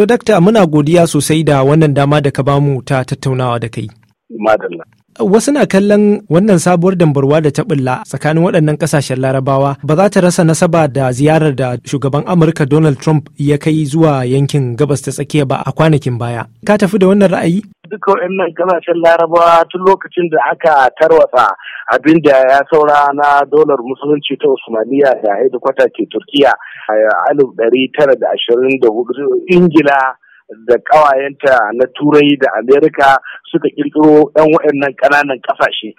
To dakta muna godiya sosai da wannan dama da ka bamu ta tattaunawa da kai. Wasu na kallon wannan sabuwar dambarwa da ta bulla tsakanin waɗannan ƙasashen larabawa ba za ta rasa nasaba da ziyarar da shugaban Amurka Donald Trump ya kai zuwa yankin gabas ta tsakiya ba a kwanakin baya. Ka tafi da wannan ra'ayi? duka waɗannan kasashen larabawa tun lokacin da aka tarwatsa abin da ya saura na dolar musulunci ta usmaniya da kwata ke turkiya a alif ɗari tara da ashirin da hudu ingila da ƙawayenta na turai da amerika suka ƙirƙiro 'yan waɗannan ƙananan ƙasashe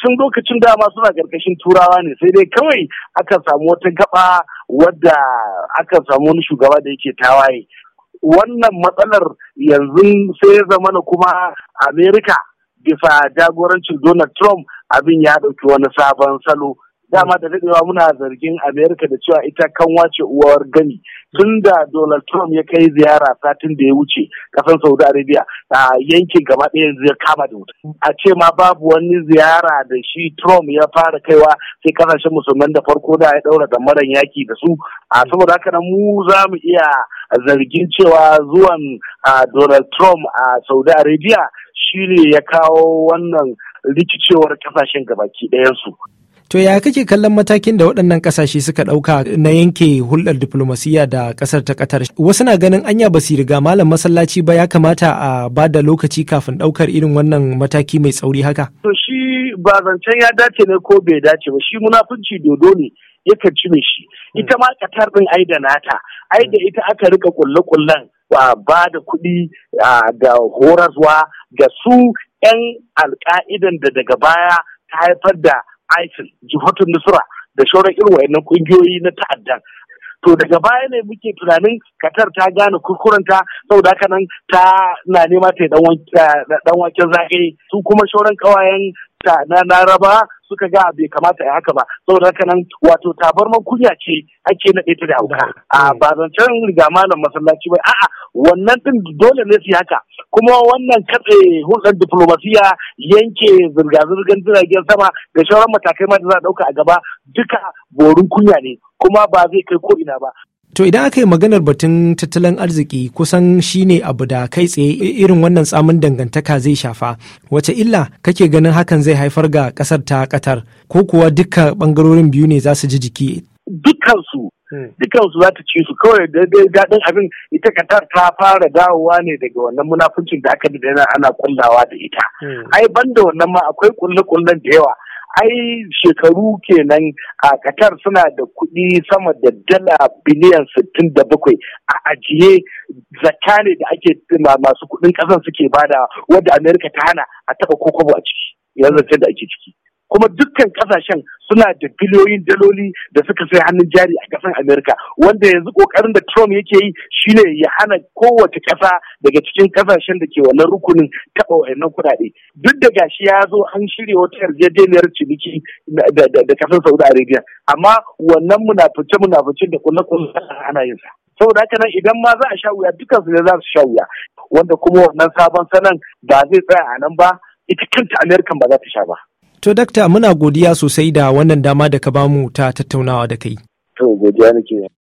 tun lokacin dama suna karkashin turawa ne sai dai kawai aka samu wata gaba wadda aka samu wani shugaba da yake tawaye wannan matsalar yanzu sai ya zama na kuma amerika bisa jagorancin donald trump abin ya ɗauki wani sabon salo dama da daɗewa muna zargin amerika da cewa ita kan wace uwar gani tun da donald trump ya kai ziyara satin da ya wuce kasan saudi arabia a yankin gaba ɗaya zai kama da wuta a ce ma babu wani ziyara da shi trump ya fara kaiwa sai kasashen musulman da farko da ya ɗaura da maran yaki da su a saboda haka nan mu za mu iya zargin cewa zuwan donald trump a saudi arabia shi ne ya kawo wannan rikicewar kasashen gabaki ɗayansu. To ya kake kallon matakin da waɗannan ƙasashe suka ɗauka na yanke hulɗar diflomasiyya da ƙasar ta Qatar? Wasu na ganin anya ba su riga malam masallaci ba ya kamata a ba da lokaci kafin ɗaukar irin wannan mataki mai tsauri haka? To shi ba zancen ya dace ne ko bai dace ba shi munafunci dodo ne yakan ci shi. Hmm. Ita ma Qatar ɗin ai da nata, ai da ita aka rika kulle-kullen ba da kuɗi da horarwa da su 'yan alka'idan da daga baya ta haifar da isil jihatun nusra da shauran irin wayannan kungiyoyi na ta'adda to daga baya ne muke tunanin katar ta gane kurkuranta saboda haka nan ta na nema ta eh, dan waken zagaye su kuma shauran kawayen ta na naraba suka ga bai kamata ya haka ba saboda haka nan wato tabarman kunya ce ake naɗe ta da auka a ba zancen riga malam masallaci ba a'a wannan din dole ne su haka kuma wannan katse hulɗar diplomasiya yanke zirga-zirgar jiragen sama da sauran matakai ma da za a ɗauka a gaba duka borin kunya ne kuma ba zai kai ko ina ba. To idan aka yi maganar batun tattalin arziki kusan shine abu da kai tsaye irin wannan tsamin dangantaka zai shafa. Wace illa kake ganin hakan zai haifar ga kasar ta katar ko kuwa duka bangarorin biyu ne za su ji jiki? Dukkansu Hmm. dukansu za ta ci su kawai daidai daɗin abin ita katar ta fara dawowa ne daga wannan munafuncin da aka daina ana kullawa da ita hmm. ai ban da wannan ma akwai kulle-kullen da yawa ai shekaru kenan a katar suna da kuɗi sama da dala biliyan sittin da bakwai a ajiye zakka ne da ake masu kuɗin ƙasar suke bada wadda Amerika ta hana a taɓa kokobo a ciki yanzu da ake ciki. kuma dukkan kasashen suna da biliyoyin daloli da suka sai hannun jari a kasan amerika wanda yanzu kokarin da trump yake yi shine ya hana kowace kasa daga cikin kasashen da ke wannan rukunin taɓa wayannan kuɗaɗe duk da gashi ya zo an shirya wata yarjejeniyar ciniki da kasar saudi arabia amma wannan muna munafice da kulle kulle ana yin sa saboda haka nan idan ma za a sha wuya dukkan su ne za su sha wuya wanda kuma wannan sabon sanan ba zai tsaya a nan ba ita kanta amerikan ba za ta sha ba To dakta muna godiya sosai da wannan dama da ka ba mu ta tattaunawa da kai. To godiya nake.